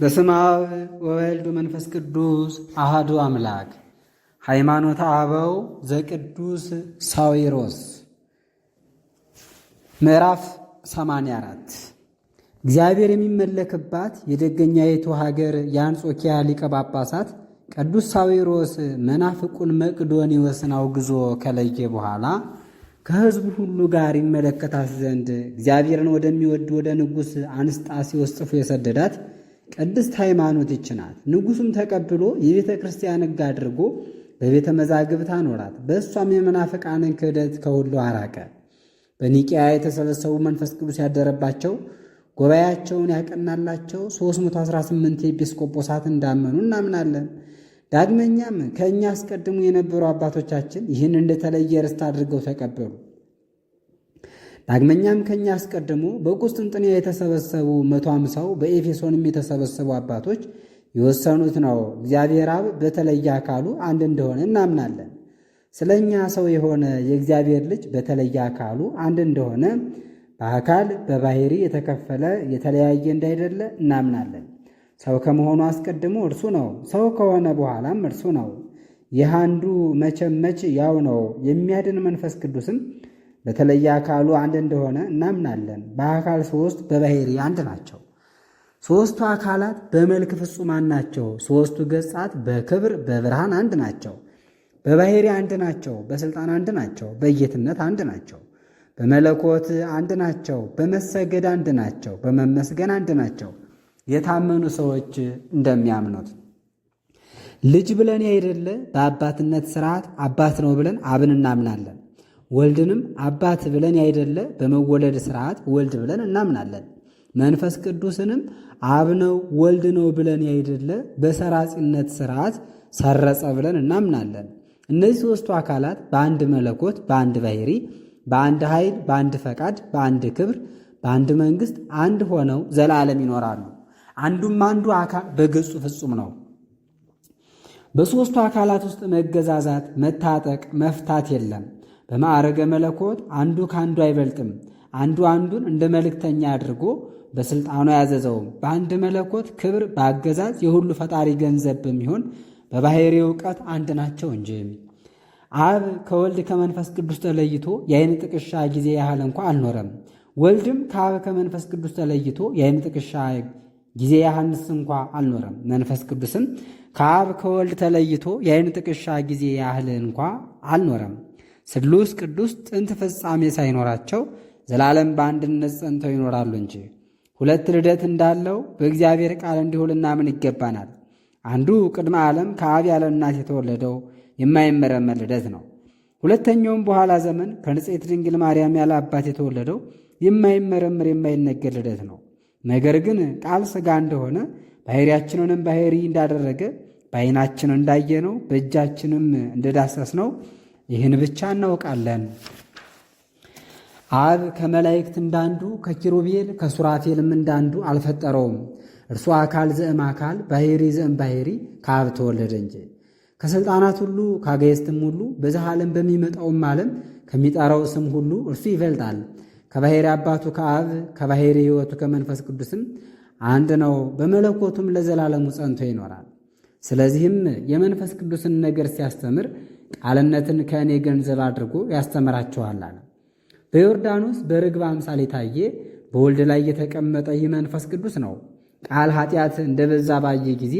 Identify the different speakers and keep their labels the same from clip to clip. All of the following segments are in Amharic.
Speaker 1: በስመ አብ ወወልድ ቅዱስ አሐዱ አምላክ። ሃይማኖተ አበው ዘቅዱስ ሳዊሮስ ምዕራፍ 84 እግዚአብሔር የሚመለክባት የደገኛይቱ ሀገር የአንጾኪያ ሊቀ ጳጳሳት ቅዱስ ሳዊሮስ መናፍቁን መቅዶንዮስን አውግዞ ከለየ በኋላ ከሕዝቡ ሁሉ ጋር ይመለከታት ዘንድ እግዚአብሔርን ወደሚወድ ወደ ንጉሥ አንስጣሴዎስ ጽፎ የሰደዳት ቅድስት ሃይማኖት ይች ናት። ተቀብሎ የቤተ ክርስቲያን ሕግ አድርጎ በቤተ መዛግብት አኖራት። በእሷም የመናፍቃንን ክህደት ከሁሉ አራቀ። በኒቅያ የተሰበሰቡ መንፈስ ቅዱስ ያደረባቸው ጉባኤያቸውን ያቀናላቸው 318 ኤጲስቆጶሳት እንዳመኑ እናምናለን። ዳግመኛም ከእኛ አስቀድሞ የነበሩ አባቶቻችን ይህን እንደተለየ ርስት አድርገው ተቀበሉ። ዳግመኛም ከእኛ አስቀድሞ በቁስጥንጥንያ የተሰበሰቡ መቶ አምሳው በኤፌሶንም የተሰበሰቡ አባቶች የወሰኑት ነው። እግዚአብሔር አብ በተለየ አካሉ አንድ እንደሆነ እናምናለን። ስለ እኛ ሰው የሆነ የእግዚአብሔር ልጅ በተለየ አካሉ አንድ እንደሆነ በአካል በባሕሪ የተከፈለ የተለያየ እንዳይደለ እናምናለን። ሰው ከመሆኑ አስቀድሞ እርሱ ነው፣ ሰው ከሆነ በኋላም እርሱ ነው። ይህ አንዱ መቼም መች ያው ነው። የሚያድን መንፈስ ቅዱስም በተለየ አካሉ አንድ እንደሆነ እናምናለን። በአካል ሶስት በባሕሪ አንድ ናቸው። ሶስቱ አካላት በመልክ ፍጹማን ናቸው። ሶስቱ ገጻት በክብር በብርሃን አንድ ናቸው። በባሕሪ አንድ ናቸው። በሥልጣን አንድ ናቸው። በጌትነት አንድ ናቸው። በመለኮት አንድ ናቸው። በመሰገድ አንድ ናቸው። በመመስገን አንድ ናቸው። የታመኑ ሰዎች እንደሚያምኑት ልጅ ብለን ያይደለ በአባትነት ስርዓት አባት ነው ብለን አብን እናምናለን። ወልድንም አባት ብለን ያይደለ በመወለድ ስርዓት ወልድ ብለን እናምናለን። መንፈስ ቅዱስንም አብ ነው ወልድ ነው ብለን ያይደለ በሰራጺነት ስርዓት ሰረጸ ብለን እናምናለን። እነዚህ ሦስቱ አካላት በአንድ መለኮት፣ በአንድ ባሕሪ፣ በአንድ ኃይል፣ በአንድ ፈቃድ፣ በአንድ ክብር፣ በአንድ መንግሥት አንድ ሆነው ዘላለም ይኖራሉ። አንዱም አንዱ አካል በገጹ ፍጹም ነው። በሦስቱ አካላት ውስጥ መገዛዛት፣ መታጠቅ፣ መፍታት የለም። በማዕረገ መለኮት አንዱ ከአንዱ አይበልጥም። አንዱ አንዱን እንደ መልእክተኛ አድርጎ በሥልጣኑ ያዘዘውም በአንድ መለኮት ክብር በአገዛዝ የሁሉ ፈጣሪ ገንዘብ በሚሆን በባሕርይ ዕውቀት አንድ ናቸው እንጂ አብ ከወልድ ከመንፈስ ቅዱስ ተለይቶ የዓይን ጥቅሻ ጊዜ ያህል እንኳ አልኖረም። ወልድም ከአብ ከመንፈስ ቅዱስ ተለይቶ የዓይን ጥቅሻ ጊዜ ያህንስ እንኳ አልኖረም። መንፈስ ቅዱስም ከአብ ከወልድ ተለይቶ የዓይን ጥቅሻ ጊዜ ያህል እንኳ አልኖረም። ስሉስ ቅዱስ ጥንት ፍጻሜ ሳይኖራቸው ዘላለም በአንድነት ጸንተው ይኖራሉ እንጂ ሁለት ልደት እንዳለው በእግዚአብሔር ቃል እንዲሁ ልናምን ይገባናል። አንዱ ቅድመ ዓለም ከአብ ያለ እናት የተወለደው የማይመረመር ልደት ነው። ሁለተኛውም በኋላ ዘመን ከንጽሕት ድንግል ማርያም ያለ አባት የተወለደው የማይመረምር የማይነገር ልደት ነው። ነገር ግን ቃል ሥጋ እንደሆነ ባሕርያችንንም ባሕርይ እንዳደረገ በዓይናችን እንዳየነው በእጃችንም እንደዳሰስ ነው። ይህን ብቻ እናውቃለን። አብ ከመላእክት እንዳንዱ ከኪሩቤል ከሱራፌልም እንዳንዱ አልፈጠረውም። እርሱ አካል ዘእም አካል ባሕሪ ዘእም ባሕሪ ከአብ ተወለደ እንጂ ከሥልጣናት ሁሉ ከአጋዕዝትም ሁሉ በዚህ ዓለም በሚመጣውም ዓለም ከሚጠራው ስም ሁሉ እርሱ ይበልጣል። ከባሕሪ አባቱ ከአብ ከባሕሪ ሕይወቱ ከመንፈስ ቅዱስም አንድ ነው። በመለኮቱም ለዘላለሙ ጸንቶ ይኖራል። ስለዚህም የመንፈስ ቅዱስን ነገር ሲያስተምር ቃልነትን ከእኔ ገንዘብ አድርጎ ያስተምራቸዋል አለ። በዮርዳኖስ በርግብ አምሳል የታየ በወልድ ላይ የተቀመጠ ይህ መንፈስ ቅዱስ ነው። ቃል ኃጢአት እንደበዛ ባየ ጊዜ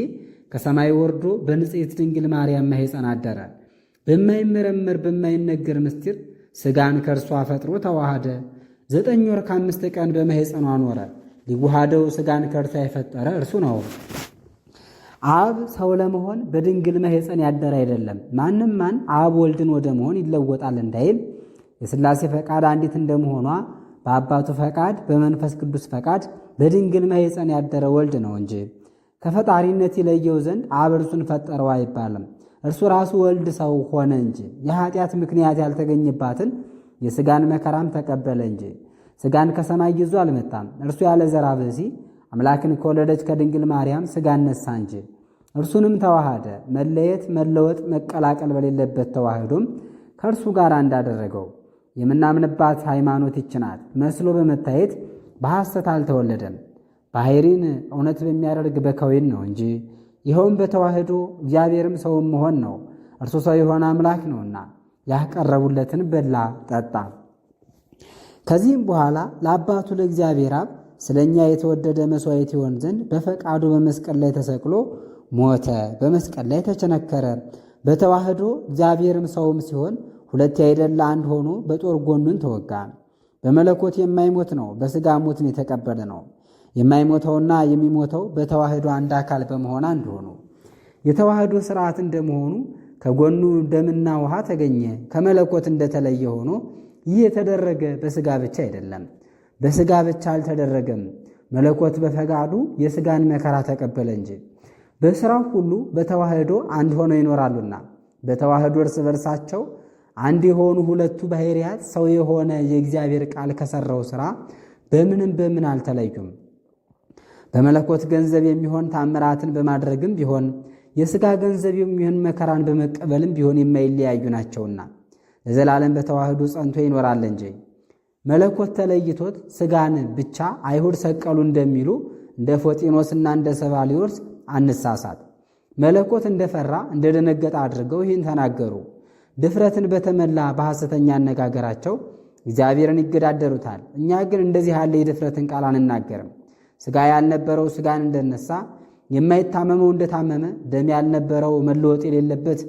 Speaker 1: ከሰማይ ወርዶ በንጽሕት ድንግል ማርያም ማኅፀን አደረ። በማይመረመር በማይነገር ምስጢር ሥጋን ከእርሷ ፈጥሮ ተዋሃደ። ዘጠኝ ወር ከአምስት ቀን በማኅፀኗ ኖረ። ሊዋሃደው ሥጋን ከእርሷ የፈጠረ እርሱ ነው። አብ ሰው ለመሆን በድንግል መሄፀን ያደረ አይደለም። ማንም ማን አብ ወልድን ወደ መሆን ይለወጣል እንዳይል የሥላሴ ፈቃድ አንዲት እንደመሆኗ በአባቱ ፈቃድ፣ በመንፈስ ቅዱስ ፈቃድ በድንግል መሄፀን ያደረ ወልድ ነው እንጂ ከፈጣሪነት ይለየው ዘንድ አብ እርሱን ፈጠረው አይባልም። እርሱ ራሱ ወልድ ሰው ሆነ እንጂ የኃጢአት ምክንያት ያልተገኝባትን የሥጋን መከራም ተቀበለ እንጂ ሥጋን ከሰማይ ይዞ አልመጣም። እርሱ ያለ ዘራ ብእሲ አምላክን ከወለደች ከድንግል ማርያም ሥጋ ነሳ እንጂ እርሱንም ተዋሃደ። መለየት፣ መለወጥ፣ መቀላቀል በሌለበት ተዋህዶም ከእርሱ ጋር እንዳደረገው የምናምንባት ሃይማኖት ይችናት። መስሎ በመታየት በሐሰት አልተወለደም። ባሕሪን እውነት በሚያደርግ በከዊን ነው እንጂ ይኸውም በተዋህዶ እግዚአብሔርም ሰውም መሆን ነው። እርሱ ሰው የሆነ አምላክ ነውና ያቀረቡለትን በላ ጠጣ። ከዚህም በኋላ ለአባቱ ለእግዚአብሔር አብ ስለ እኛ የተወደደ መሥዋዕት ይሆን ዘንድ በፈቃዱ በመስቀል ላይ ተሰቅሎ ሞተ። በመስቀል ላይ ተቸነከረ። በተዋህዶ እግዚአብሔርም ሰውም ሲሆን ሁለት አይደለ አንድ ሆኖ በጦር ጎኑን ተወጋ። በመለኮት የማይሞት ነው፣ በሥጋ ሞትን የተቀበለ ነው። የማይሞተውና የሚሞተው በተዋህዶ አንድ አካል በመሆን አንድ ሆኑ። የተዋህዶ ሥርዓት እንደመሆኑ ከጎኑ ደምና ውሃ ተገኘ። ከመለኮት እንደተለየ ሆኖ ይህ የተደረገ በሥጋ ብቻ አይደለም በሥጋ ብቻ አልተደረገም፣ መለኮት በፈቃዱ የሥጋን መከራ ተቀበለ እንጂ። በሥራው ሁሉ በተዋህዶ አንድ ሆነው ይኖራሉና በተዋህዶ እርስ በርሳቸው አንድ የሆኑ ሁለቱ ባሕርያት ሰው የሆነ የእግዚአብሔር ቃል ከሠራው ሥራ በምንም በምን አልተለዩም። በመለኮት ገንዘብ የሚሆን ታምራትን በማድረግም ቢሆን የሥጋ ገንዘብ የሚሆን መከራን በመቀበልም ቢሆን የማይለያዩ ናቸውና ለዘላለም በተዋህዶ ጸንቶ ይኖራል እንጂ መለኮት ተለይቶት ስጋን ብቻ አይሁድ ሰቀሉ እንደሚሉ እንደ ፎጢኖስና እንደ ሰባሊዮርስ አንሳሳት። መለኮት እንደፈራ እንደደነገጠ አድርገው ይህን ተናገሩ። ድፍረትን በተመላ በሐሰተኛ አነጋገራቸው እግዚአብሔርን ይገዳደሩታል። እኛ ግን እንደዚህ ያለ የድፍረትን ቃል አንናገርም። ስጋ ያልነበረው ስጋን እንደነሳ የማይታመመው እንደታመመ ደም ያልነበረው መለወጥ የሌለበት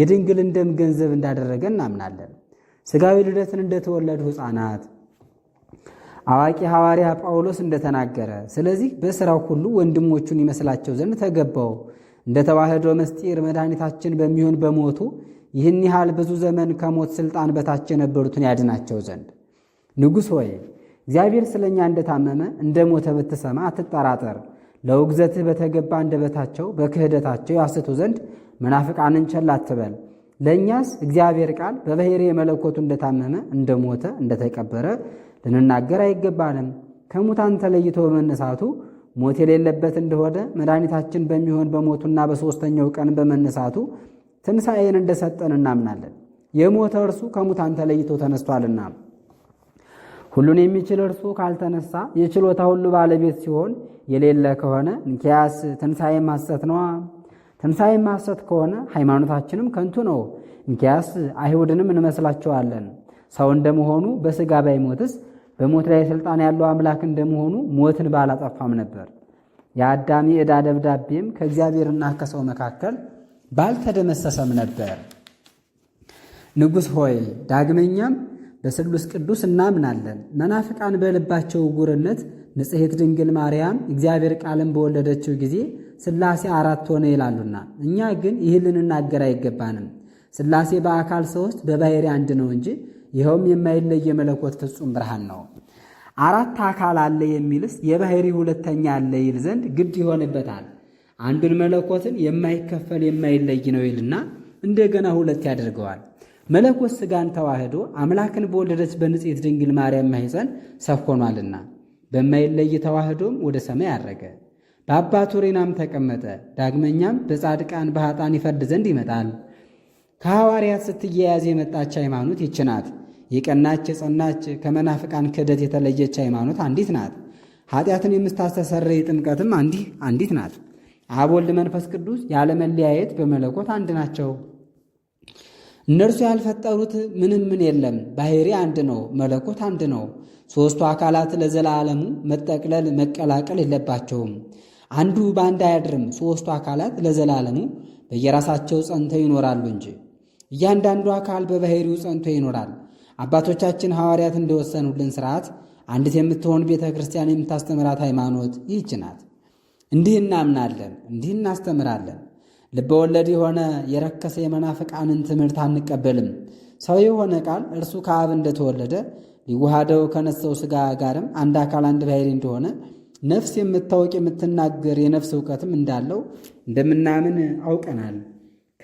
Speaker 1: የድንግልን ደም ገንዘብ እንዳደረገ እናምናለን። ስጋዊ ልደትን እንደተወለዱ ህፃናት አዋቂ ሐዋርያ ጳውሎስ እንደተናገረ፣ ስለዚህ በሥራው ሁሉ ወንድሞቹን ይመስላቸው ዘንድ ተገባው። እንደ ተዋህዶ መስጢር መድኃኒታችን በሚሆን በሞቱ ይህን ያህል ብዙ ዘመን ከሞት ሥልጣን በታች የነበሩትን ያድናቸው ዘንድ። ንጉሥ ሆይ እግዚአብሔር ስለ እኛ እንደታመመ እንደ ሞተ ብትሰማ አትጠራጠር። ለውግዘትህ በተገባ እንደበታቸው በክህደታቸው ያስቱ ዘንድ መናፍቃንን ቸል አትበል። ለእኛስ እግዚአብሔር ቃል በባሕሪ መለኮቱ እንደታመመ እንደሞተ እንደተቀበረ ልንናገር አይገባንም። ከሙታን ተለይቶ በመነሳቱ ሞት የሌለበት እንደሆነ መድኃኒታችን በሚሆን በሞቱና በሦስተኛው ቀን በመነሳቱ ትንሣኤን እንደሰጠን እናምናለን። የሞተ እርሱ ከሙታን ተለይቶ ተነስቷልና ሁሉን የሚችል እርሱ ካልተነሳ የችሎታ ሁሉ ባለቤት ሲሆን የሌለ ከሆነ እንኪያስ ትንሣኤ ማሰት ነዋ። ትንሣኤም ማሰት ከሆነ ሃይማኖታችንም ከንቱ ነው። እንኪያስ አይሁድንም እንመስላቸዋለን። ሰው እንደመሆኑ በሥጋ ባይሞትስ በሞት ላይ ሥልጣን ያለው አምላክ እንደመሆኑ ሞትን ባላጠፋም ነበር። የአዳሚ ዕዳ ደብዳቤም ከእግዚአብሔርና ከሰው መካከል ባልተደመሰሰም ነበር። ንጉሥ ሆይ፣ ዳግመኛም በስሉስ ቅዱስ እናምናለን። መናፍቃን በልባቸው ዕውርነት ንጽሕት ድንግል ማርያም እግዚአብሔር ቃልን በወለደችው ጊዜ ሥላሴ አራት ሆነ ይላሉና እኛ ግን ይህ ልንናገር አይገባንም። ሥላሴ በአካል ሦስት በባሕርይ አንድ ነው እንጂ ይኸውም የማይለይ የመለኮት ፍጹም ብርሃን ነው። አራት አካል አለ የሚልስ የባሕርይ ሁለተኛ አለ ይል ዘንድ ግድ ይሆንበታል። አንዱን መለኮትን የማይከፈል የማይለይ ነው ይልና እንደገና ሁለት ያደርገዋል። መለኮት ሥጋን ተዋህዶ አምላክን በወለደች በንጽሕት ድንግል ማርያም ማኅፀን ሰው ሆኗልና በማይለይ ተዋህዶም ወደ ሰማይ አረገ። በአባቱ ሬናም ተቀመጠ። ዳግመኛም በጻድቃን በኃጣን ይፈርድ ዘንድ ይመጣል። ከሐዋርያት ስትያያዝ የመጣች ሃይማኖት ይች ናት። የቀናች የጸናች ከመናፍቃን ክህደት የተለየች ሃይማኖት አንዲት ናት። ኃጢአትን የምታስተሰርይ ጥምቀትም አንዲት ናት። አብ ወልድ መንፈስ ቅዱስ ያለመለያየት በመለኮት አንድ ናቸው። እነርሱ ያልፈጠሩት ምንም ምን የለም። ባሕሪ አንድ ነው፣ መለኮት አንድ ነው። ሦስቱ አካላት ለዘላለሙ መጠቅለል መቀላቀል የለባቸውም። አንዱ በአንድ አያድርም፣ ሦስቱ አካላት ለዘላለሙ በየራሳቸው ጸንተው ይኖራሉ እንጂ እያንዳንዱ አካል በባሕሪው ጸንቶ ይኖራል። አባቶቻችን ሐዋርያት እንደወሰኑልን ሥርዓት አንዲት የምትሆን ቤተ ክርስቲያን የምታስተምራት ሃይማኖት ይህች ናት። እንዲህ እናምናለን፣ እንዲህ እናስተምራለን። ልበ ወለድ የሆነ የረከሰ የመናፍቃንን ትምህርት አንቀበልም። ሰው የሆነ ቃል እርሱ ከአብ እንደተወለደ ሊዋሃደው ከነሰው ሥጋ ጋርም አንድ አካል አንድ ባሕርይ እንደሆነ ነፍስ የምታወቅ የምትናገር የነፍስ እውቀትም እንዳለው እንደምናምን አውቀናል።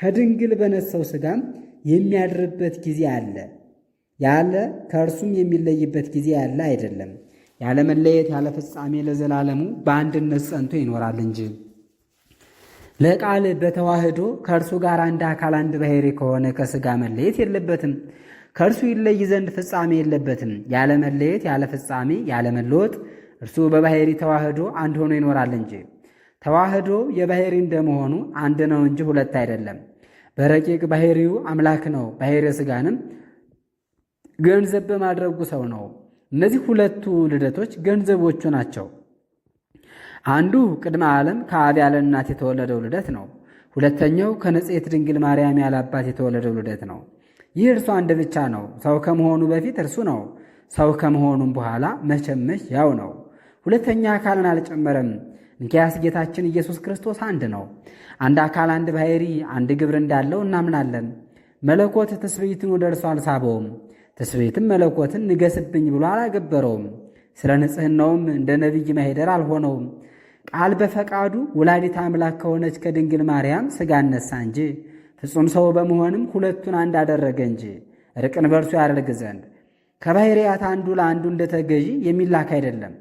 Speaker 1: ከድንግል በነሳው ስጋም የሚያድርበት ጊዜ አለ ያለ ከእርሱም የሚለይበት ጊዜ ያለ አይደለም። ያለ መለየት ያለ ፍጻሜ ለዘላለሙ በአንድነት ጸንቶ ይኖራል እንጂ ለቃል በተዋህዶ ከእርሱ ጋር አንድ አካል አንድ ባሕሪ ከሆነ ከስጋ መለየት የለበትም። ከእርሱ ይለይ ዘንድ ፍጻሜ የለበትም። ያለ መለየት ያለ ፍጻሜ ያለ መለወጥ እርሱ በባሕሪ ተዋህዶ አንድ ሆኖ ይኖራል እንጂ። ተዋህዶ የባሕሪ እንደመሆኑ አንድ ነው እንጂ ሁለት አይደለም። በረቂቅ ባሕሪው አምላክ ነው። ባህሪ ሥጋንም ገንዘብ በማድረጉ ሰው ነው። እነዚህ ሁለቱ ልደቶች ገንዘቦቹ ናቸው። አንዱ ቅድመ ዓለም ከአብ ያለ እናት የተወለደው ልደት ነው። ሁለተኛው ከንጽሕት ድንግል ማርያም ያለ አባት የተወለደው ልደት ነው። ይህ እርሱ አንድ ብቻ ነው። ሰው ከመሆኑ በፊት እርሱ ነው። ሰው ከመሆኑም በኋላ መቸመሽ ያው ነው። ሁለተኛ አካልን አልጨመረም። እንኪያስ ጌታችን ኢየሱስ ክርስቶስ አንድ ነው። አንድ አካል፣ አንድ ባሕሪ፣ አንድ ግብር እንዳለው እናምናለን። መለኮት ትስብእትን ወደ እርሱ አልሳበውም፣ ትስብእትም መለኮትን ንገስብኝ ብሎ አላገበረውም። ስለ ንጽሕናውም እንደ ነቢይ ማሄደር አልሆነውም። ቃል በፈቃዱ ወላዲት አምላክ ከሆነች ከድንግል ማርያም ሥጋ አነሳ እንጂ ፍጹም ሰው በመሆንም ሁለቱን አንድ አደረገ እንጂ ርቅን በእርሱ ያደርግ ዘንድ ከባሕርያት አንዱ ለአንዱ እንደተገዢ የሚላክ አይደለም።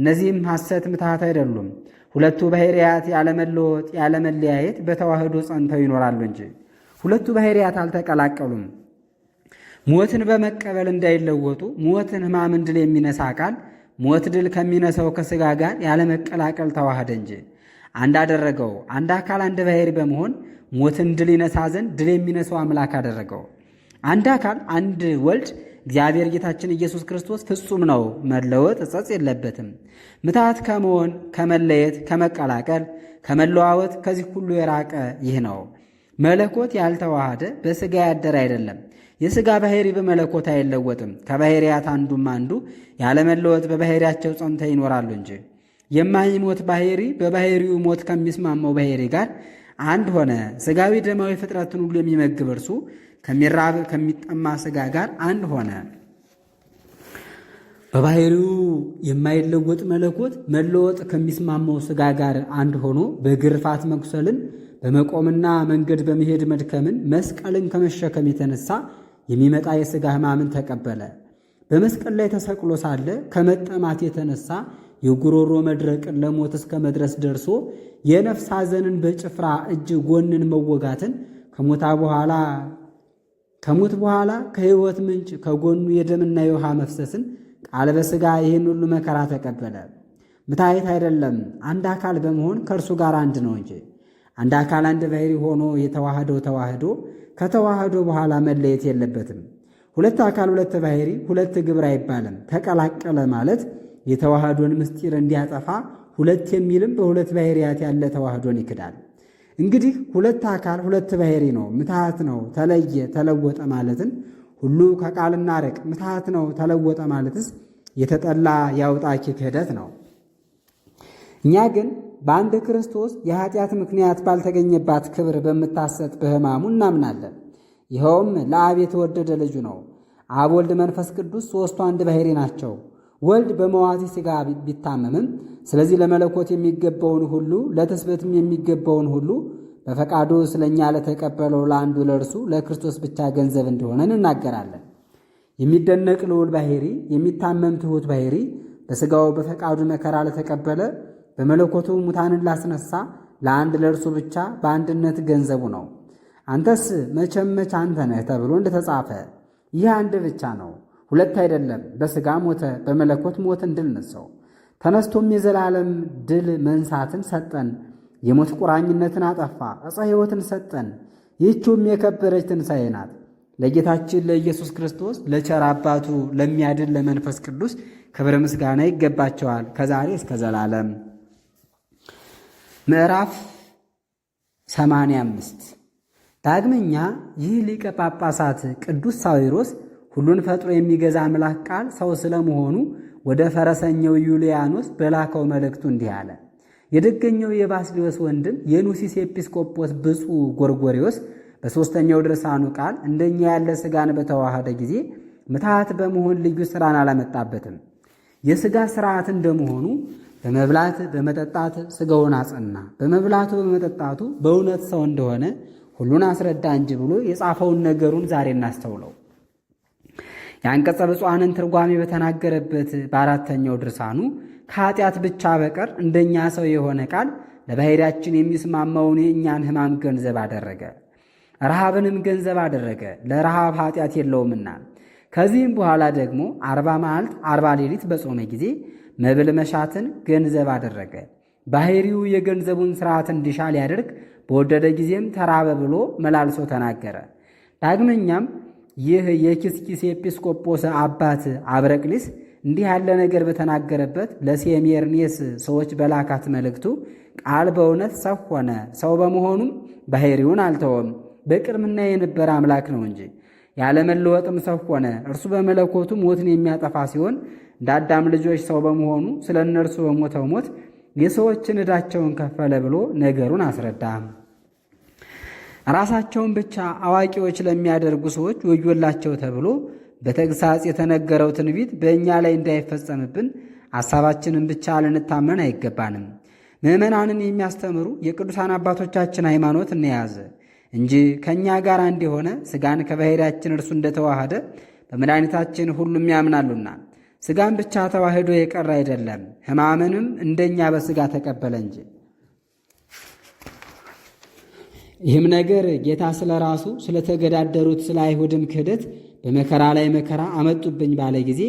Speaker 1: እነዚህም ሐሰት ምትሃት አይደሉም። ሁለቱ ባሕርያት ያለመለወጥ ያለመለያየት በተዋህዶ ጸንተው ይኖራሉ እንጂ ሁለቱ ባሕርያት አልተቀላቀሉም። ሞትን በመቀበል እንዳይለወጡ ሞትን ሕማምን ድል የሚነሳ አካል ሞት ድል ከሚነሳው ከሥጋ ጋር ያለመቀላቀል ተዋህደ እንጂ አንድ አደረገው። አንድ አካል አንድ ባሕርይ በመሆን ሞትን ድል ይነሳ ዘንድ ድል የሚነሳው አምላክ አደረገው። አንድ አካል አንድ ወልድ እግዚአብሔር ጌታችን ኢየሱስ ክርስቶስ ፍጹም ነው፣ መለወጥ እጸጽ የለበትም። ምታት ከመሆን ከመለየት፣ ከመቀላቀል፣ ከመለዋወጥ ከዚህ ሁሉ የራቀ ይህ ነው። መለኮት ያልተዋሃደ በሥጋ ያደረ አይደለም። የሥጋ ባሕሪ በመለኮት አይለወጥም። ከባሕርያት አንዱም አንዱ ያለመለወጥ በባሕርያቸው ጸንተ ይኖራሉ እንጂ የማይሞት ባሕሪ በባሕሪው ሞት ከሚስማማው ባሕሪ ጋር አንድ ሆነ። ሥጋዊ ደማዊ ፍጥረትን ሁሉ የሚመግብ እርሱ ከሚራብ ከሚጠማ ስጋ ጋር አንድ ሆነ። በባህሪው የማይለወጥ መለኮት መለወጥ ከሚስማማው ስጋ ጋር አንድ ሆኖ በግርፋት መቁሰልን በመቆምና መንገድ በመሄድ መድከምን መስቀልን ከመሸከም የተነሳ የሚመጣ የሥጋ ሕማምን ተቀበለ። በመስቀል ላይ ተሰቅሎ ሳለ ከመጠማት የተነሳ የጉሮሮ መድረቅን ለሞት እስከ መድረስ ደርሶ የነፍስ ሐዘንን በጭፍራ እጅ ጎንን መወጋትን ከሞታ በኋላ ከሙት በኋላ ከሕይወት ምንጭ ከጎኑ የደምና የውሃ መፍሰስን ቃል በሥጋ ይህን ሁሉ መከራ ተቀበለ። ምታየት አይደለም አንድ አካል በመሆን ከእርሱ ጋር አንድ ነው እንጂ አንድ አካል አንድ ባሕሪ ሆኖ የተዋህደው ተዋህዶ ከተዋህዶ በኋላ መለየት የለበትም። ሁለት አካል ሁለት ባሕሪ ሁለት ግብር አይባልም። ተቀላቀለ ማለት የተዋህዶን ምስጢር እንዲያጠፋ ሁለት የሚልም በሁለት ባሕርያት ያለ ተዋህዶን ይክዳል። እንግዲህ ሁለት አካል ሁለት ባህሪ ነው። ምታት ነው ተለየ ተለወጠ ማለትን ሁሉ ከቃል እናርቅ። ምትሃት ነው ተለወጠ ማለትስ የተጠላ ያውጣኪ ክህደት ነው። እኛ ግን በአንድ ክርስቶስ የኃጢአት ምክንያት ባልተገኘባት ክብር በምታሰጥ በሕማሙ እናምናለን። ይኸውም ለአብ የተወደደ ልጁ ነው። አብ፣ ወልድ፣ መንፈስ ቅዱስ ሦስቱ አንድ ባህሪ ናቸው። ወልድ በመዋቲ ሥጋ ቢታመምም ስለዚህ ለመለኮት የሚገባውን ሁሉ ለትስበትም የሚገባውን ሁሉ በፈቃዱ ስለኛ ለተቀበለው ለአንዱ ለእርሱ ለክርስቶስ ብቻ ገንዘብ እንደሆነ እንናገራለን። የሚደነቅ ልዑል ባሕሪ፣ የሚታመም ትሑት ባሕሪ በሥጋው በፈቃዱ መከራ ለተቀበለ በመለኮቱ ሙታንን ላስነሳ ለአንድ ለእርሱ ብቻ በአንድነት ገንዘቡ ነው። አንተስ መቼም መቼ አንተ ነህ ተብሎ እንደተጻፈ ይህ አንድ ብቻ ነው፣ ሁለት አይደለም። በሥጋ ሞተ፣ በመለኮት ሞት ድል ተነስቶም የዘላለም ድል መንሳትን ሰጠን። የሞት ቁራኝነትን አጠፋ፣ ዕፀ ሕይወትን ሰጠን። ይህችውም የከበረች ትንሣኤ ናት። ለጌታችን ለኢየሱስ ክርስቶስ ለቸር አባቱ ለሚያድን ለመንፈስ ቅዱስ ክብር ምስጋና ይገባቸዋል ከዛሬ እስከ ዘላለም። ምዕራፍ 85 ዳግመኛ ይህ ሊቀ ጳጳሳት ቅዱስ ሳዊሮስ ሁሉን ፈጥሮ የሚገዛ አምላክ ቃል ሰው ስለመሆኑ ወደ ፈረሰኛው ዩልያኖስ በላከው መልእክቱ እንዲህ አለ። የደገኘው የባስሊዮስ ወንድም የኑሲስ ኤጲስቆጶስ ብፁዕ ጎርጎሪዎስ በሦስተኛው ድርሳኑ ቃል እንደኛ ያለ ሥጋን በተዋሃደ ጊዜ ምትሃት በመሆን ልዩ ሥራን አላመጣበትም። የሥጋ ሥርዓት እንደመሆኑ በመብላት በመጠጣት ሥጋውን አጸና። በመብላቱ በመጠጣቱ በእውነት ሰው እንደሆነ ሁሉን አስረዳ እንጂ ብሎ የጻፈውን ነገሩን ዛሬ እናስተውለው። የአንቀጸ ብፁዓንን ትርጓሜ በተናገረበት በአራተኛው ድርሳኑ ከኃጢአት ብቻ በቀር እንደኛ ሰው የሆነ ቃል ለባሕርያችን የሚስማማውን የእኛን ሕማም ገንዘብ አደረገ፣ ረሃብንም ገንዘብ አደረገ። ለረሃብ ኃጢአት የለውምና። ከዚህም በኋላ ደግሞ አርባ መዓልት አርባ ሌሊት በጾመ ጊዜ መብል መሻትን ገንዘብ አደረገ። ባሕሪው የገንዘቡን ሥርዓት እንዲሻ ሊያደርግ በወደደ ጊዜም ተራበ ብሎ መላልሶ ተናገረ። ዳግመኛም ይህ የኪስኪስ ኤጲስቆጶስ አባት አብረቅሊስ እንዲህ ያለ ነገር በተናገረበት ለሴሜርኔስ ሰዎች በላካት መልእክቱ ቃል በእውነት ሰው ሆነ። ሰው በመሆኑም ባሕሪውን አልተወም፣ በቅድምና የነበረ አምላክ ነው እንጂ ያለመለወጥም ሰው ሆነ። እርሱ በመለኮቱ ሞትን የሚያጠፋ ሲሆን እንደ አዳም ልጆች ሰው በመሆኑ ስለ እነርሱ በሞተው ሞት የሰዎችን ዕዳቸውን ከፈለ ብሎ ነገሩን አስረዳም። ራሳቸውን ብቻ አዋቂዎች ለሚያደርጉ ሰዎች ወዮላቸው ተብሎ በተግሳጽ የተነገረው ትንቢት በእኛ ላይ እንዳይፈጸምብን ሐሳባችንን ብቻ ልንታመን አይገባንም። ምዕመናንን የሚያስተምሩ የቅዱሳን አባቶቻችን ሃይማኖት እንያዘ እንጂ ከእኛ ጋር እንዲሆነ ሥጋን ከባሕርያችን እርሱ እንደተዋሃደ በመድኃኒታችን ሁሉም ያምናሉና ሥጋን ብቻ ተዋህዶ የቀረ አይደለም፣ ሕማምንም እንደኛ በሥጋ ተቀበለ እንጂ ይህም ነገር ጌታ ስለ ራሱ ስለተገዳደሩት ስለ አይሁድም ክህደት በመከራ ላይ መከራ አመጡብኝ ባለ ጊዜ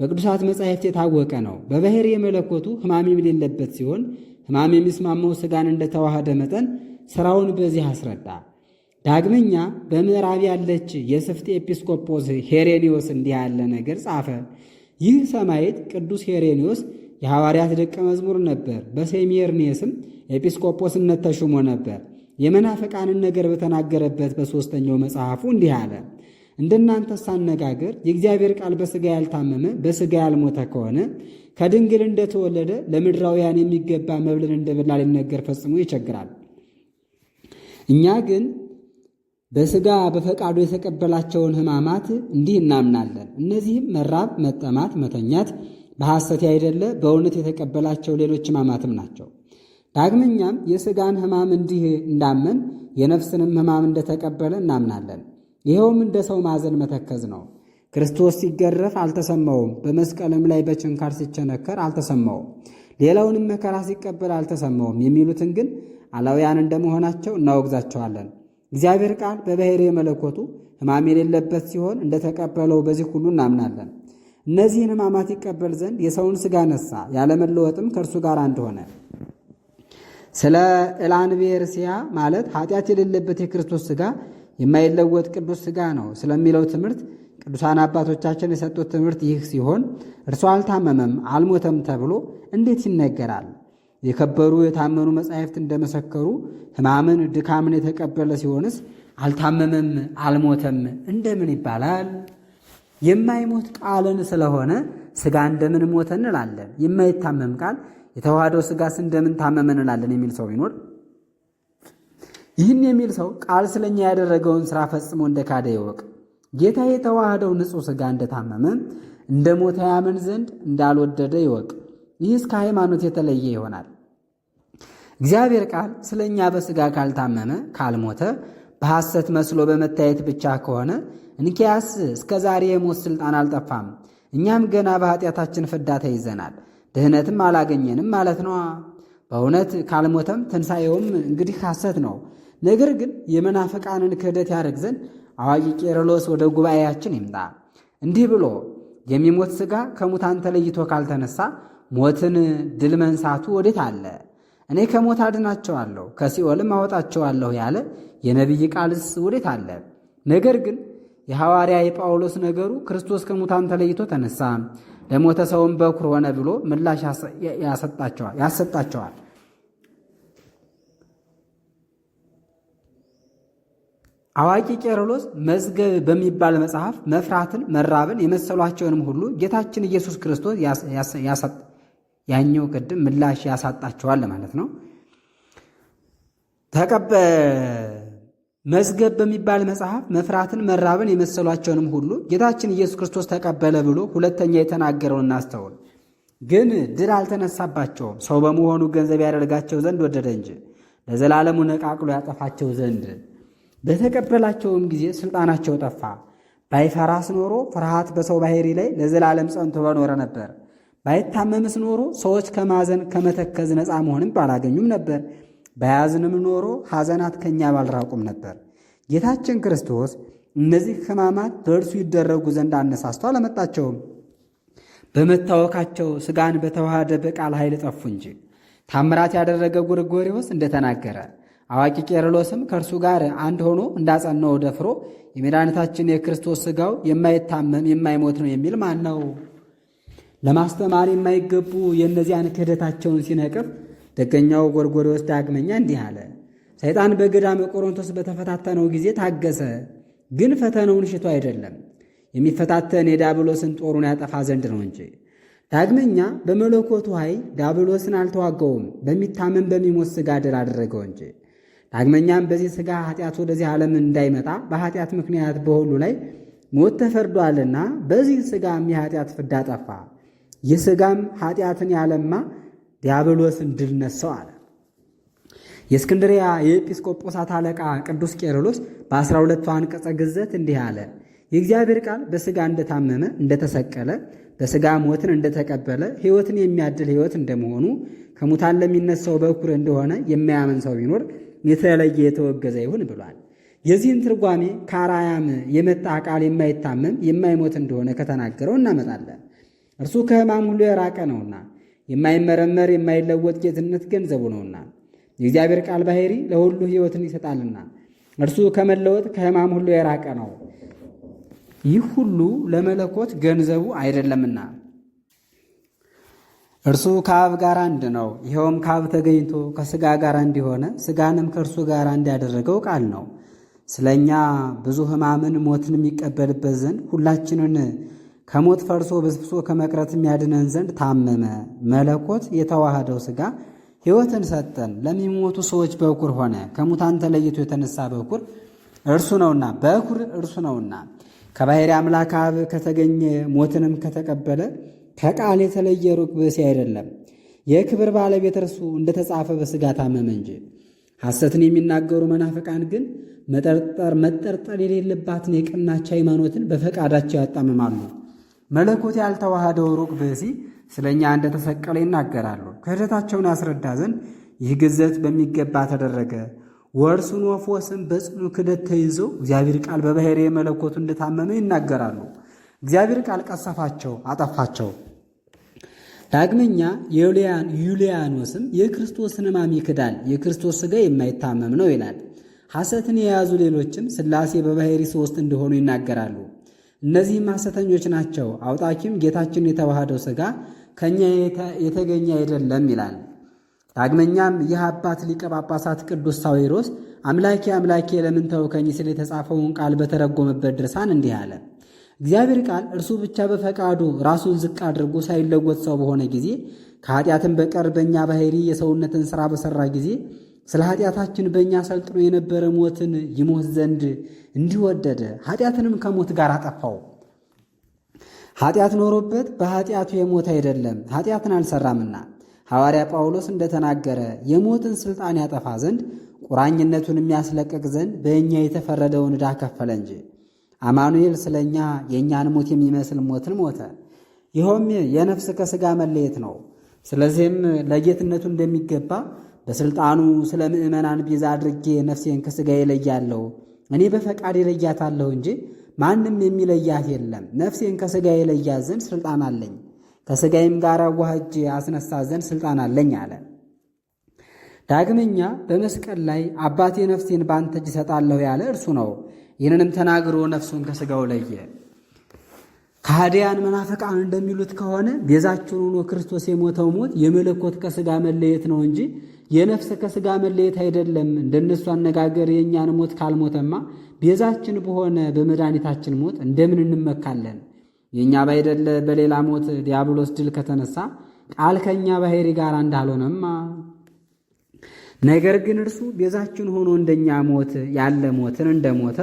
Speaker 1: በቅዱሳት መጻሕፍት የታወቀ ነው። በባሕር የመለኮቱ ሕማም የሌለበት ሲሆን ሕማም የሚስማመው ሥጋን እንደተዋሃደ መጠን ሥራውን በዚህ አስረዳ። ዳግመኛ በምዕራብ ያለች የስፍት ኤጲስቆጶስ ሄሬኒዎስ እንዲህ ያለ ነገር ጻፈ። ይህ ሰማዕት ቅዱስ ሄሬኒዎስ የሐዋርያት ደቀ መዝሙር ነበር። በሴሚርኔስም ኤጲስቆጶስነት ተሹሞ ነበር። የመናፈቃንን ነገር በተናገረበት በሦስተኛው መጽሐፉ እንዲህ አለ። እንደናንተ ሳነጋገር የእግዚአብሔር ቃል በሥጋ ያልታመመ በሥጋ ያልሞተ ከሆነ ከድንግል እንደተወለደ ለምድራውያን የሚገባ መብልን እንደበላ ሊነገር ፈጽሞ ይቸግራል። እኛ ግን በሥጋ በፈቃዱ የተቀበላቸውን ሕማማት እንዲህ እናምናለን። እነዚህም መራብ፣ መጠማት፣ መተኛት በሐሰት ያይደለ በእውነት የተቀበላቸው ሌሎች ሕማማትም ናቸው። ዳግመኛም የሥጋን ሕማም እንዲህ እንዳመን የነፍስንም ሕማም እንደተቀበለ እናምናለን። ይኸውም እንደ ሰው ማዘን መተከዝ ነው። ክርስቶስ ሲገረፍ አልተሰማውም። በመስቀልም ላይ በችንካር ሲቸነከር አልተሰማውም። ሌላውንም መከራ ሲቀበል አልተሰማውም የሚሉትን ግን አላውያን እንደመሆናቸው እናወግዛቸዋለን። እግዚአብሔር ቃል በባሕርየ መለኮቱ ሕማም የሌለበት ሲሆን እንደተቀበለው በዚህ ሁሉ እናምናለን። እነዚህን ሕማማት ይቀበል ዘንድ የሰውን ሥጋ ነሳ ያለመለወጥም ከእርሱ ጋር አንድ ሆነ። ስለ እላንቤርስያ ማለት ኃጢአት የሌለበት የክርስቶስ ሥጋ የማይለወጥ ቅዱስ ሥጋ ነው ስለሚለው ትምህርት ቅዱሳን አባቶቻችን የሰጡት ትምህርት ይህ ሲሆን እርሱ አልታመመም አልሞተም ተብሎ እንዴት ይነገራል? የከበሩ የታመኑ መጻሕፍት እንደመሰከሩ ሕማምን ድካምን የተቀበለ ሲሆንስ አልታመመም አልሞተም እንደምን ይባላል? የማይሞት ቃልን ስለሆነ ሥጋ እንደምን ሞተ እንላለን። የማይታመም ቃል የተዋህዶ ስጋስ እንደምን ታመመ እንላለን የሚል ሰው ቢኖር ይህን የሚል ሰው ቃል ስለኛ ያደረገውን ስራ ፈጽሞ እንደ ካደ ይወቅ። ጌታ የተዋህደው ንጹሕ ስጋ እንደታመመ እንደ ሞተ ያምን ዘንድ እንዳልወደደ ይወቅ። ይህስ ከሃይማኖት የተለየ ይሆናል። እግዚአብሔር ቃል ስለ እኛ በሥጋ ካልታመመ ካልሞተ በሐሰት መስሎ በመታየት ብቻ ከሆነ እንኪያስ እስከ ዛሬ የሞት ሥልጣን አልጠፋም። እኛም ገና በኃጢአታችን ፍዳ ተይዘናል። ድህነትም አላገኘንም ማለት ነው። በእውነት ካልሞተም ትንሣኤውም እንግዲህ ሐሰት ነው። ነገር ግን የመናፍቃንን ክህደት ያደርግ ዘንድ አዋቂ ቄርሎስ ወደ ጉባኤያችን ይምጣ እንዲህ ብሎ የሚሞት ሥጋ ከሙታን ተለይቶ ካልተነሳ ሞትን ድል መንሳቱ ወዴት አለ? እኔ ከሞት አድናቸዋለሁ ከሲኦልም አወጣቸዋለሁ ያለ የነቢይ ቃልስ ወዴት አለ? ነገር ግን የሐዋርያ የጳውሎስ ነገሩ ክርስቶስ ከሙታን ተለይቶ ተነሳ ለሞተ ሰውም በኩር ሆነ ብሎ ምላሽ ያሰጣቸዋል። አዋቂ ቄርሎስ መዝገብ በሚባል መጽሐፍ መፍራትን፣ መራብን የመሰሏቸውንም ሁሉ ጌታችን ኢየሱስ ክርስቶስ ያኛው ቅድም ምላሽ ያሳጣቸዋል ማለት ነው። መዝገብ በሚባል መጽሐፍ መፍራትን መራብን የመሰሏቸውንም ሁሉ ጌታችን ኢየሱስ ክርስቶስ ተቀበለ ብሎ ሁለተኛ የተናገረውን እናስተውል። ግን ድል አልተነሳባቸውም፣ ሰው በመሆኑ ገንዘብ ያደርጋቸው ዘንድ ወደደ እንጂ ለዘላለሙ ነቃቅሎ ያጠፋቸው ዘንድ። በተቀበላቸውም ጊዜ ስልጣናቸው ጠፋ። ባይፈራስ ኖሮ ፍርሃት በሰው ባሕሪ ላይ ለዘላለም ጸንቶ በኖረ ነበር። ባይታመምስ ኖሮ ሰዎች ከማዘን ከመተከዝ ነፃ መሆንም ባላገኙም ነበር። በያዝንም ኖሮ ሐዘናት ከእኛ ባልራቁም ነበር። ጌታችን ክርስቶስ እነዚህ ሕማማት በእርሱ ይደረጉ ዘንድ አነሳስቶ አለመጣቸውም በመታወካቸው ሥጋን በተዋሃደ በቃል ኃይል ጠፉ እንጂ። ታምራት ያደረገ ጎርጎርዮስ እንደተናገረ አዋቂ ቄርሎስም ከእርሱ ጋር አንድ ሆኖ እንዳጸነው ደፍሮ የመድኃኒታችን የክርስቶስ ሥጋው የማይታመም የማይሞት ነው የሚል ማን ነው? ለማስተማር የማይገቡ የእነዚያን ክህደታቸውን ሲነቅፍ ደገኛው ጎርጎርዮስ ዳግመኛ እንዲህ አለ። ሰይጣን በገዳመ ቆሮንቶስ በተፈታተነው ጊዜ ታገሰ፣ ግን ፈተናውን ሽቶ አይደለም የሚፈታተን የዳብሎስን ጦሩን ያጠፋ ዘንድ ነው እንጂ። ዳግመኛ በመለኮቱ ኃይል ዳብሎስን አልተዋገውም፣ በሚታመን በሚሞት ሥጋ ድል አደረገው እንጂ። ዳግመኛም በዚህ ሥጋ ኃጢአት ወደዚህ ዓለም እንዳይመጣ በኃጢአት ምክንያት በሁሉ ላይ ሞት ተፈርዷልና በዚህ ሥጋም የኃጢአት ፍዳ ጠፋ። ይህ ሥጋም ኃጢአትን ያለማ ዲያብሎስን ድል ነሳው አለ። የእስክንድሪያ የኤጲስቆጶሳት አለቃ ቅዱስ ቄርሎስ በአስራ ሁለቱ አንቀጸ ግዘት እንዲህ አለ። የእግዚአብሔር ቃል በሥጋ እንደታመመ እንደተሰቀለ፣ በሥጋ ሞትን እንደተቀበለ፣ ሕይወትን የሚያድል ሕይወት እንደመሆኑ ከሙታን ለሚነሳው በኩር እንደሆነ የሚያምን ሰው ቢኖር የተለየ የተወገዘ ይሁን ብሏል። የዚህን ትርጓሜ ከአራያም የመጣ ቃል የማይታመም የማይሞት እንደሆነ ከተናገረው እናመጣለን። እርሱ ከሕማም ሁሉ የራቀ ነውና የማይመረመር የማይለወጥ ጌትነት ገንዘቡ ነውና የእግዚአብሔር ቃል ባሕሪ ለሁሉ ሕይወትን ይሰጣልና እርሱ ከመለወጥ ከሕማም ሁሉ የራቀ ነው። ይህ ሁሉ ለመለኮት ገንዘቡ አይደለምና እርሱ ከአብ ጋር አንድ ነው። ይኸውም ከአብ ተገኝቶ ከሥጋ ጋር እንዲሆነ ሥጋንም ከእርሱ ጋር እንዲያደረገው ቃል ነው። ስለ እኛ ብዙ ሕማምን ሞትን የሚቀበልበት ዘንድ ሁላችንን ከሞት ፈርሶ በስብሶ ከመቅረት የሚያድነን ዘንድ ታመመ። መለኮት የተዋህደው ሥጋ ሕይወትን ሰጠን። ለሚሞቱ ሰዎች በኩር ሆነ። ከሙታን ተለይቶ የተነሳ በኩር እርሱ ነውና በኩር እርሱ ነውና ከባሕሪ አምላክ አብ ከተገኘ ሞትንም ከተቀበለ ከቃል የተለየ ሩቅ ብእሲ አይደለም። የክብር ባለቤት እርሱ እንደተጻፈ በሥጋ ታመመ እንጂ። ሐሰትን የሚናገሩ መናፍቃን ግን መጠርጠር መጠርጠር የሌለባትን የቀናች ሃይማኖትን በፈቃዳቸው ያጣምማሉ። መለኮት ያልተዋሃደው ሩቅ ብእሲ ስለ እኛ እንደተሰቀለ ይናገራሉ። ክህደታቸውን ያስረዳ ዘንድ ይህ ግዘት በሚገባ ተደረገ። ወርሱን ወፎስን በጽኑ ክደት ተይዞ እግዚአብሔር ቃል በባሕርየ መለኮቱ እንደታመመ ይናገራሉ። እግዚአብሔር ቃል ቀሰፋቸው፣ አጠፋቸው። ዳግመኛ ዩልያኖስም የክርስቶስን ሕማም ይክዳል፣ የክርስቶስ ሥጋ የማይታመም ነው ይላል። ሐሰትን የያዙ ሌሎችም ሥላሴ በባሕርይ ሦስት እንደሆኑ ይናገራሉ። እነዚህም ሐሰተኞች ናቸው። አውጣኪም ጌታችን የተዋሃደው ሥጋ ከእኛ የተገኘ አይደለም ይላል። ዳግመኛም ይህ አባት ሊቀ ጳጳሳት ቅዱስ ሳዊሮስ አምላኬ አምላኬ ለምን ተውከኝ ስል የተጻፈውን ቃል በተረጎመበት ድርሳን እንዲህ አለ። እግዚአብሔር ቃል እርሱ ብቻ በፈቃዱ ራሱን ዝቅ አድርጎ ሳይለወጥ ሰው በሆነ ጊዜ ከኃጢአትን በቀር በእኛ ባህሪ የሰውነትን ሥራ በሠራ ጊዜ ስለ ኃጢአታችን በእኛ ሰልጥኖ የነበረ ሞትን ይሞት ዘንድ እንዲወደደ ኃጢአትንም ከሞት ጋር አጠፋው። ኃጢአት ኖሮበት በኃጢአቱ የሞት አይደለም፣ ኃጢአትን አልሰራምና ሐዋርያ ጳውሎስ እንደተናገረ የሞትን ሥልጣን ያጠፋ ዘንድ ቁራኝነቱን የሚያስለቅቅ ዘንድ በእኛ የተፈረደውን ዕዳ ከፈለ እንጂ። አማኑኤል ስለ እኛ የእኛን ሞት የሚመስል ሞትን ሞተ። ይኸውም የነፍስ ከሥጋ መለየት ነው። ስለዚህም ለጌትነቱ እንደሚገባ በሥልጣኑ ስለ ምእመናን ቤዛ አድርጌ ነፍሴን ከስጋ ይለያለሁ። እኔ በፈቃድ ይለያታለሁ እንጂ ማንም የሚለያት የለም። ነፍሴን ከስጋ እለያት ዘንድ ሥልጣን አለኝ፣ ከሥጋዬም ጋር አዋህጄ አስነሳት ዘንድ ሥልጣን አለኝ አለ። ዳግመኛ በመስቀል ላይ አባቴ ነፍሴን በአንተ እጅ እሰጣለሁ ያለ እርሱ ነው። ይህንንም ተናግሮ ነፍሱን ከሥጋው ለየ። ከሃዲያን መናፈቃን እንደሚሉት ከሆነ ቤዛችን ሆኖ ክርስቶስ የሞተው ሞት የመለኮት ከሥጋ መለየት ነው እንጂ የነፍስ ከሥጋ መለየት አይደለም። እንደነሱ አነጋገር የእኛን ሞት ካልሞተማ ቤዛችን በሆነ በመድኃኒታችን ሞት እንደምን እንመካለን? የእኛ ባይደለ በሌላ ሞት ዲያብሎስ ድል ከተነሳ ቃል ከእኛ ባሕሪ ጋር እንዳልሆነማ ነገር ግን እርሱ ቤዛችን ሆኖ እንደኛ ሞት ያለ ሞትን እንደሞተ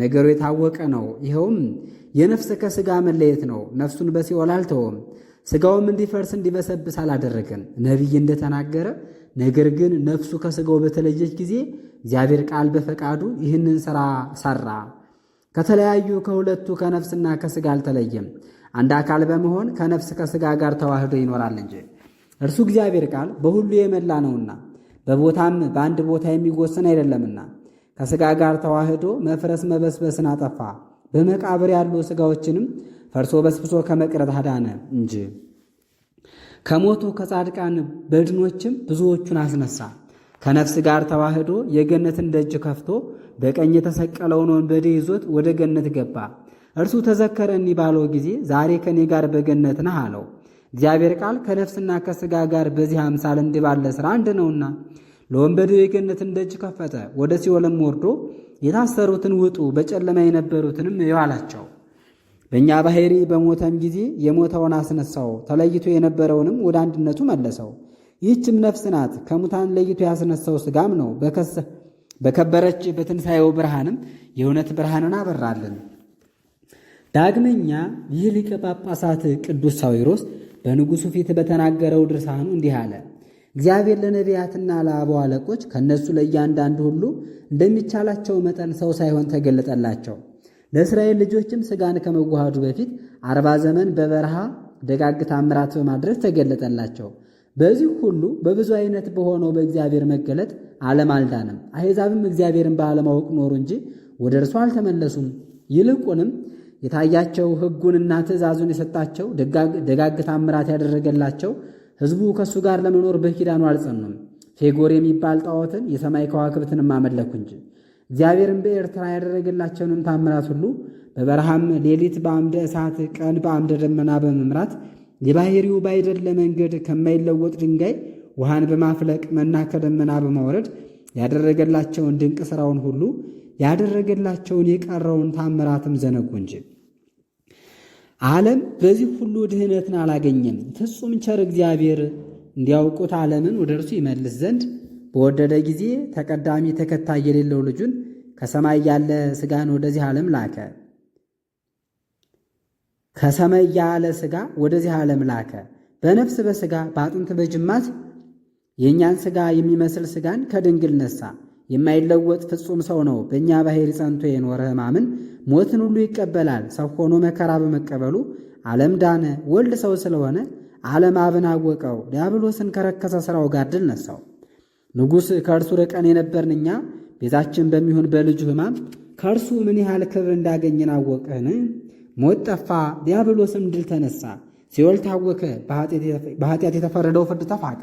Speaker 1: ነገሩ የታወቀ ነው። ይኸውም የነፍስ ከሥጋ መለየት ነው። ነፍሱን በሲኦል አልተወም፣ ሥጋውም እንዲፈርስ እንዲበሰብስ አላደረገም። ነቢይ እንደተናገረ ነገር ግን ነፍሱ ከሥጋው በተለየች ጊዜ እግዚአብሔር ቃል በፈቃዱ ይህንን ሥራ ሠራ። ከተለያዩ ከሁለቱ ከነፍስና ከሥጋ አልተለየም። አንድ አካል በመሆን ከነፍስ ከሥጋ ጋር ተዋህዶ ይኖራል እንጂ እርሱ እግዚአብሔር ቃል በሁሉ የመላ ነውና በቦታም በአንድ ቦታ የሚወሰን አይደለምና ከሥጋ ጋር ተዋህዶ መፍረስ መበስበስን አጠፋ። በመቃብር ያሉ ሥጋዎችንም ፈርሶ በስብሶ ከመቅረት አዳነ እንጂ ከሞቱ ከጻድቃን በድኖችም ብዙዎቹን አስነሳ። ከነፍስ ጋር ተዋህዶ የገነትን ደጅ ከፍቶ በቀኝ የተሰቀለውን ወንበዴ ይዞት ወደ ገነት ገባ። እርሱ ተዘከረኒ ባለው ጊዜ ዛሬ ከእኔ ጋር በገነት ነህ አለው። እግዚአብሔር ቃል ከነፍስና ከሥጋ ጋር በዚህ አምሳል እንዲህ ባለ ሥራ አንድ ነውና ለወንበዴው የገነትን ደጅ ከፈተ። ወደ ሲኦልም ወርዶ የታሰሩትን ውጡ፣ በጨለማ የነበሩትንም እዩ አላቸው። በእኛ ባሕሪ በሞተም ጊዜ የሞተውን አስነሳው፣ ተለይቶ የነበረውንም ወደ አንድነቱ መለሰው። ይህችም ነፍስ ናት ከሙታን ለይቶ ያስነሳው ሥጋም ነው። በከበረች በትንሣኤው ብርሃንም የእውነት ብርሃንን አበራልን። ዳግመኛ ይህ ሊቀ ጳጳሳት ቅዱስ ሳዊሮስ በንጉሡ ፊት በተናገረው ድርሳኑ እንዲህ አለ። እግዚአብሔር ለነቢያትና ለአበው አለቆች ከእነሱ ለእያንዳንዱ ሁሉ እንደሚቻላቸው መጠን ሰው ሳይሆን ተገለጠላቸው። ለእስራኤል ልጆችም ሥጋን ከመዋሃዱ በፊት አርባ ዘመን በበረሃ ደጋግ ታምራት በማድረግ ተገለጠላቸው። በዚህ ሁሉ በብዙ አይነት በሆነው በእግዚአብሔር መገለጥ ዓለም አልዳንም። አሕዛብም እግዚአብሔርን ባለማወቅ ኖሩ እንጂ ወደ እርሱ አልተመለሱም። ይልቁንም የታያቸው ሕጉንና ትእዛዙን የሰጣቸው ደጋግ ታምራት ያደረገላቸው ሕዝቡ ከእሱ ጋር ለመኖር በኪዳኑ አልጸኑም። ፌጎር የሚባል ጣዖትን የሰማይ ከዋክብትንም አመለኩ እንጂ እግዚአብሔርን በኤርትራ ያደረገላቸውንም ታምራት ሁሉ በበረሃም ሌሊት በአምደ እሳት ቀን በአምደ ደመና በመምራት የባሕሪው ባይደል ለመንገድ ከማይለወጥ ድንጋይ ውሃን በማፍለቅ መና ከደመና በማውረድ ያደረገላቸውን ድንቅ ሥራውን ሁሉ ያደረገላቸውን የቀረውን ታምራትም ዘነጉ እንጂ። ዓለም በዚህ ሁሉ ድህነትን አላገኘም። ፍጹም ቸር እግዚአብሔር እንዲያውቁት ዓለምን ወደ እርሱ ይመልስ ዘንድ በወደደ ጊዜ ተቀዳሚ ተከታይ የሌለው ልጁን ከሰማይ ያለ ስጋን ወደዚህ ዓለም ላከ። ከሰማይ ያለ ስጋ ወደዚህ ዓለም ላከ። በነፍስ በስጋ በአጥንት በጅማት የእኛን ስጋ የሚመስል ስጋን ከድንግል ነሳ። የማይለወጥ ፍጹም ሰው ነው። በእኛ ባሕርይ ጸንቶ የኖረ ሕማምን ሞትን ሁሉ ይቀበላል። ሰው ሆኖ መከራ በመቀበሉ ዓለም ዳነ። ወልድ ሰው ስለሆነ ዓለም አብን አወቀው። ዲያብሎስን ከረከሰ ሥራው ጋር ድል ነሳው። ንጉሥ ከእርሱ ርቀን የነበርን እኛ ቤዛችን በሚሆን በልጁ ሕማም ከእርሱ ምን ያህል ክብር እንዳገኘን አወቅን። ሞት ጠፋ፣ ዲያብሎስም ድል ተነሳ፣ ሲኦል ታወከ፣ በኃጢአት የተፈረደው ፍርድ ተፋቀ፣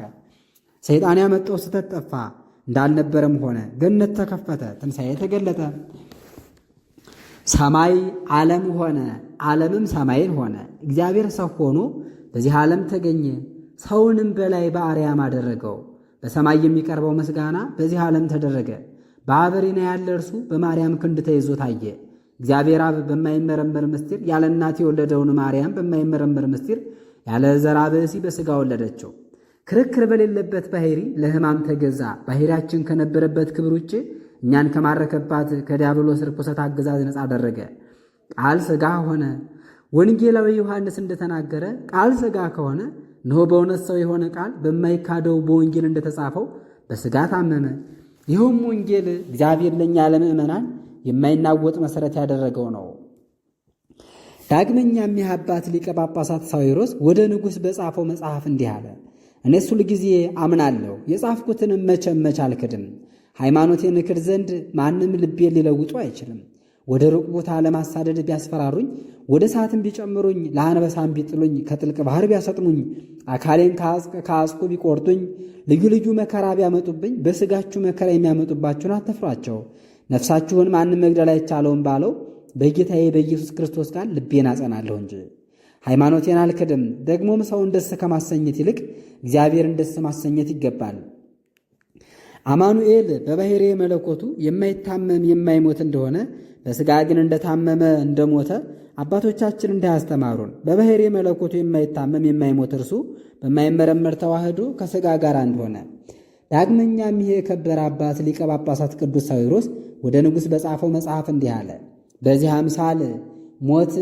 Speaker 1: ሰይጣን ያመጣው ስተት ጠፋ፣ እንዳልነበረም ሆነ፣ ገነት ተከፈተ፣ ትንሣኤ ተገለጠ፣ ሰማይ ዓለም ሆነ፣ ዓለምም ሰማይን ሆነ። እግዚአብሔር ሰው ሆኖ በዚህ ዓለም ተገኘ፣ ሰውንም በላይ በአርያም አደረገው። በሰማይ የሚቀርበው ምስጋና በዚህ ዓለም ተደረገ። በአበሪና ያለ እርሱ በማርያም ክንድ ተይዞ ታየ። እግዚአብሔር አብ በማይመረመር ምስጢር ያለ እናት የወለደውን ማርያም በማይመረመር ምስጢር ያለ ዘራ ብእሲ በሥጋ ወለደችው። ክርክር በሌለበት ባሕሪ ለሕማም ተገዛ። ባሕሪያችን ከነበረበት ክብር ውጭ እኛን ከማረከባት ከዲያብሎስ ርኩሰት አገዛዝ ነፃ አደረገ። ቃል ሥጋ ሆነ። ወንጌላዊ ዮሐንስ እንደተናገረ ቃል ሥጋ ከሆነ እነሆ በእውነት ሰው የሆነ ቃል በማይካደው በወንጌል እንደተጻፈው በስጋት ታመመ። ይኸውም ወንጌል እግዚአብሔር ለእኛ ለምእመናን የማይናወጥ መሠረት ያደረገው ነው። ዳግመኛም ይህ አባት ሊቀ ጳጳሳት ሳዊሮስ ወደ ንጉሥ በጻፈው መጽሐፍ እንዲህ አለ። እኔስ ሁልጊዜ አምናለሁ፣ የጻፍኩትንም መቼም መቼ አልክድም። ሃይማኖቴን እክድ ዘንድ ማንም ልቤን ሊለውጡ አይችልም። ወደ ሩቅ ቦታ ለማሳደድ ቢያስፈራሩኝ፣ ወደ ሰዓትም ቢጨምሩኝ፣ ለአንበሳም ቢጥሉኝ፣ ከጥልቅ ባህር ቢያሰጥሙኝ፣ አካሌን ከአጽቁ ቢቆርጡኝ፣ ልዩ ልዩ መከራ ቢያመጡብኝ፣ በስጋችሁ መከራ የሚያመጡባችሁን አትፍሯቸው፣ ነፍሳችሁን ማንም መግደል አይቻለውም ባለው በጌታዬ በኢየሱስ ክርስቶስ ቃል ልቤን አጸናለሁ እንጂ ሃይማኖቴን አልክድም። ደግሞም ሰውን ደስ ከማሰኘት ይልቅ እግዚአብሔርን ደስ ማሰኘት ይገባል። አማኑኤል በባሕርየ መለኮቱ የማይታመም የማይሞት እንደሆነ በሥጋ ግን እንደታመመ እንደሞተ አባቶቻችን እንዳያስተማሩን በባሕሪ መለኮቱ የማይታመም የማይሞት እርሱ በማይመረመር ተዋህዶ ከሥጋ ጋር አንድ ሆነ። ዳግመኛም ይሄ የከበረ አባት ሊቀ ጳጳሳት ቅዱስ ሳዊሮስ ወደ ንጉሥ በጻፈው መጽሐፍ እንዲህ አለ። በዚህ አምሳል ሞት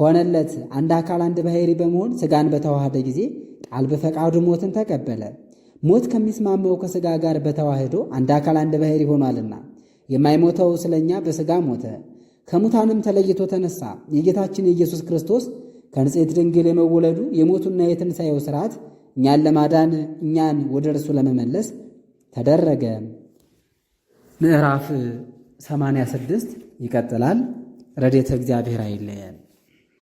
Speaker 1: ሆነለት። አንድ አካል አንድ ባሕሪ በመሆን ሥጋን በተዋህደ ጊዜ ቃል በፈቃዱ ሞትን ተቀበለ። ሞት ከሚስማመው ከሥጋ ጋር በተዋህዶ አንድ አካል አንድ ባሕሪ ሆኗልና የማይሞተው ስለ እኛ በሥጋ ሞተ፣ ከሙታንም ተለይቶ ተነሳ። የጌታችን የኢየሱስ ክርስቶስ ከንጽሕት ድንግል የመወለዱ የሞቱና የትንሣኤው ሥርዓት እኛን ለማዳን እኛን ወደ እርሱ ለመመለስ ተደረገ። ምዕራፍ 86 ይቀጥላል። ረድኤተ እግዚአብሔር አይለየን።